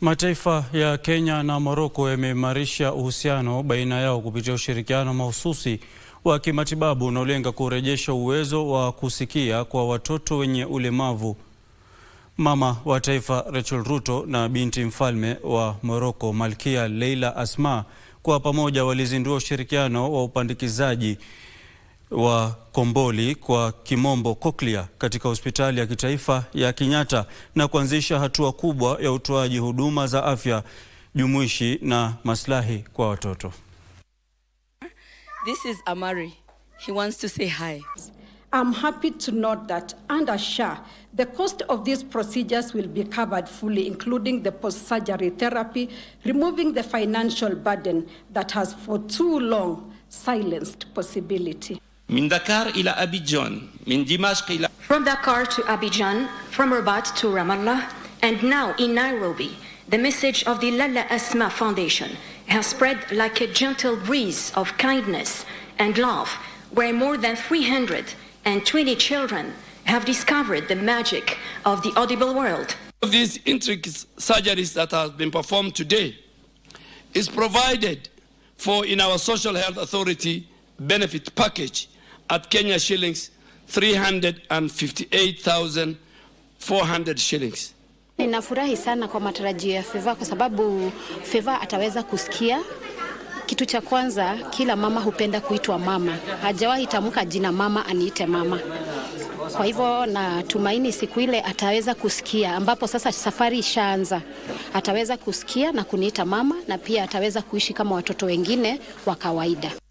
Mataifa ya Kenya na Morocco yameimarisha uhusiano baina yao kupitia ushirikiano mahususi wa kimatibabu unaolenga kurejesha uwezo wa kusikia kwa watoto wenye ulemavu. Mama wa taifa Rachel Ruto na binti mfalme wa Morocco Malkia Leila Asma kwa pamoja walizindua ushirikiano wa upandikizaji wa komboli kwa kimombo koklia katika hospitali ya kitaifa ya Kenyatta na kuanzisha hatua kubwa ya utoaji huduma za afya jumuishi na maslahi kwa watoto. This is Amari. He wants to say hi. I'm happy to note that under SHA, the cost of these procedures will be covered fully, including the post-surgery therapy, removing the financial burden that has for too long silenced possibility. From Dakar to Abidjan, from Rabat to Ramallah, and now in Nairobi, the message of the Lalla Asma Foundation has spread like a gentle breeze of kindness and love, where more than 320 children have discovered the magic of the audible world. These intricate surgeries that have been performed today is provided for in our Social Health Authority benefit package at Kenya shillings 358,400 shillings. Ninafurahi sana kwa matarajio ya Feva kwa sababu Feva ataweza kusikia. Kitu cha kwanza, kila mama hupenda kuitwa mama, hajawahi tamka jina mama, aniite mama. Kwa hivyo natumaini siku ile ataweza kusikia, ambapo sasa safari ishaanza. Ataweza kusikia na kuniita mama, na pia ataweza kuishi kama watoto wengine wa kawaida.